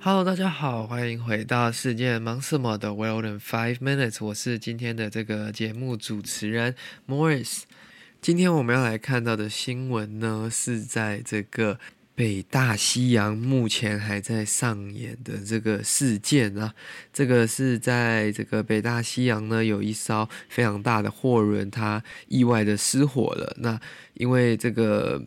Hello，大家好，歡迎回到世界忙什麼的 World in Five Minutes，我是今天的這個節目主持人 Morris。今天我們要來看到的新聞呢，是在這個北大西洋目前還在上演的這個事件啊。這個是在這個北大西洋呢，有一艘非常大的貨輪，它意外的失火了。那因為這個。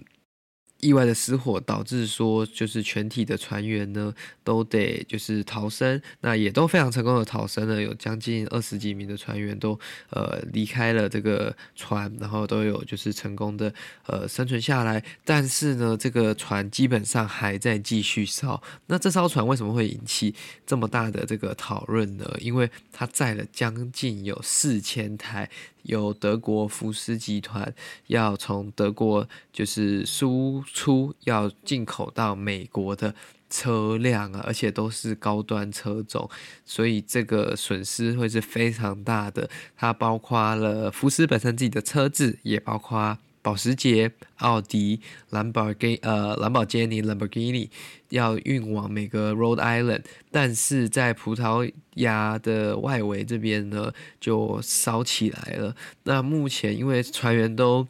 意外的失火，導致說，就是全體的船員呢都得就是逃生，那也都非常成功的逃生了，有將近二十幾名的船員都呃離開了這個船，然後都有就是成功的呃生存下來。但是呢，這個船基本上還在繼續燒。那這艘船為什麼會引起這麼大的這個討論呢？因為它載了將近有四千台。有德國福斯集團要從德國就是輸出，要進口到美國的車輛啊，而且都是高端車種，所以這個損失會是非常大的。它包括了福斯本身自己的車子，也包括。保時捷、奧迪、蘭博基呃蘭博基尼、蘭博基尼要運往每個 Rhode Island，但是在葡萄牙的外圍這邊呢，就燒起來了。那目前因為船員都。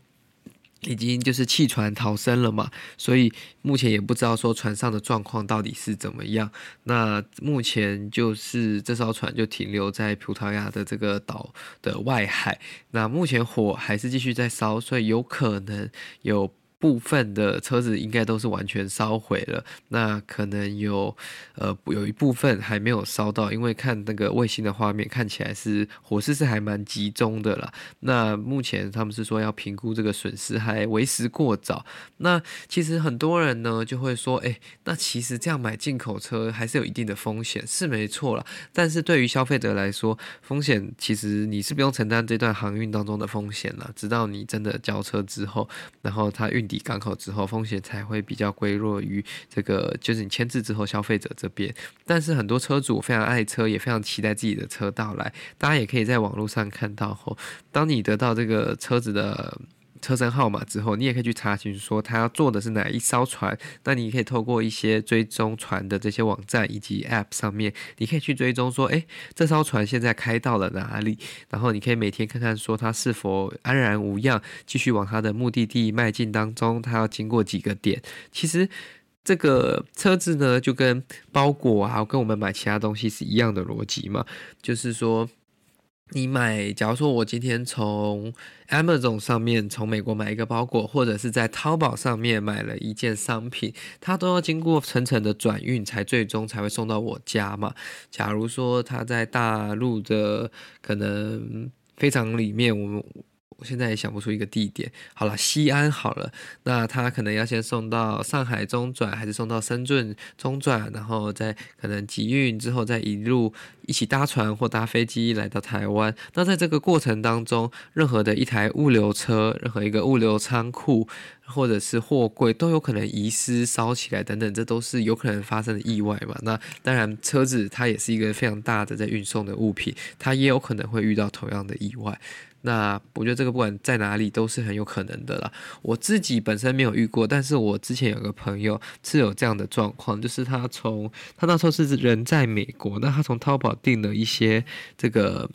已經就是棄船逃生了嘛，所以目前也不知道說船上的狀況到底是怎麼樣。那目前就是這艘船就停留在葡萄牙的這個島的外海，那目前火還是繼續在燒，所以有可能有。部分的車子應該都是完全燒毀了，那可能有呃有一部分還沒有燒到，因為看那個衛星的畫面，看起來是火勢是還蠻集中的啦。那目前他們是說要評估這個損失還為時過早。那其實很多人呢就會說，誒、欸，那其實這樣買進口車還是有一定的風險，是沒錯啦。但是對於消費者來說，風險其實你是不用承擔這段航運當中的風險了，直到你真的交車之後，然後他運。抵港口之後，風險才會比較歸落於這個，就是你簽字之後，消費者這邊。但是很多車主非常愛車，也非常期待自己的車到來。大家也可以在網絡上看到，後當你得到這個車子的車身號碼之後，你也可以去查詢說他要坐的是哪一艘船。那你可以透過一些追蹤船的這些網站以及 App 上面，你可以去追蹤說，誒，這艘船現在開到了哪裡？然後你可以每天看看說它是否安然無恙，繼續往它的目的地邁進當中，它要經過幾個點。其實這個車子呢，就跟包裹啊，跟我們買其他東西是一樣的邏輯嘛，就是說。你買，假如說我今天從 Amazon 上面從美國買一個包裹，或者是在淘寶上面買了一件商品，它都要經過層層的轉運，才最終才會送到我家嘛。假如說它在大陸的可能非常裡面，我們。我現在也想不出一個地點。好了，西安好了，那他可能要先送到上海中轉，還是送到深圳中轉，然後再可能集運之後，再一路一起搭船或搭飛機來到台灣。那在這個過程當中，任何的一台物流車、任何一個物流倉庫或者是貨櫃都有可能遺失、燒起來等等，這都是有可能發生的意外嘛。那當然，車子它也是一個非常大的在運送的物品，它也有可能會遇到同樣的意外。那我覺得這個不管在哪裡都是很有可能的啦。我自己本身沒有遇過，但是我之前有個朋友是有這樣的狀況，就是他從他那時候是人在美國，那他從淘寶訂了一些這個。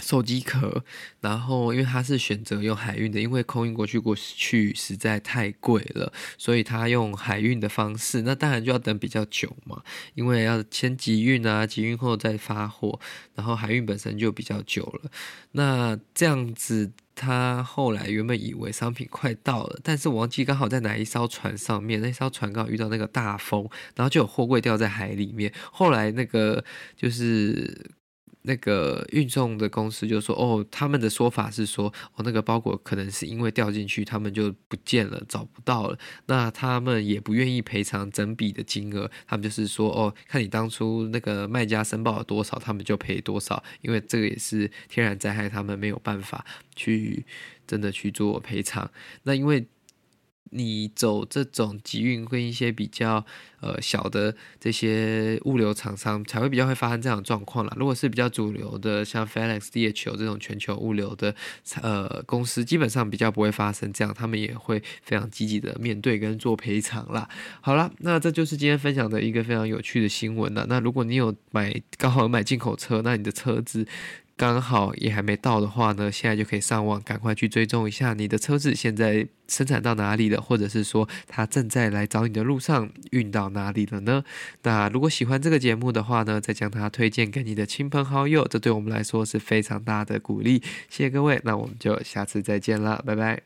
手機殼，然後因為他是選擇用海運的，因為空運過去過去實在太貴了，所以他用海運的方式，那當然就要等比較久嘛，因為要先集運啊，集運後再發貨，然後海運本身就比較久了，那這樣子他後來原本以為商品快到了，但是我忘記剛好在哪一艘船上面，那艘船剛好遇到那個大風，然後就有貨櫃掉在海裡面，後來那個就是。那個運送的公司就說：“哦，他們的說法是說，哦，那個包裹可能是因為掉進去，他們就不見了，找不到了。那他們也不願意賠償整筆的金額，他們就是說，哦，看你當初那個賣家申報了多少，他們就賠多少。因為這個也是天然災害，他們沒有辦法去真的去做賠償。那因為。”你走這種集運跟一些比較呃小的這些物流廠商才會比較會發生這種狀況啦。如果是比較主流的，像 FedEx、DHL 這種全球物流的呃公司，基本上比較不會發生這樣，他們也會非常積極的面對跟做賠償啦。好了，那這就是今天分享的一個非常有趣的新聞了。那如果你有買剛好買進口車，那你的車子。剛好也還沒到的話呢，現在就可以上網，趕快去追蹤一下你的車子現在生產到哪裡了，或者是說它正在來找你的路上，運到哪裡了呢？那如果喜歡這個節目的話呢，再將它推薦給你的親朋好友，這對我們來說是非常大的鼓勵。謝謝各位，那我們就下次再見啦，拜拜。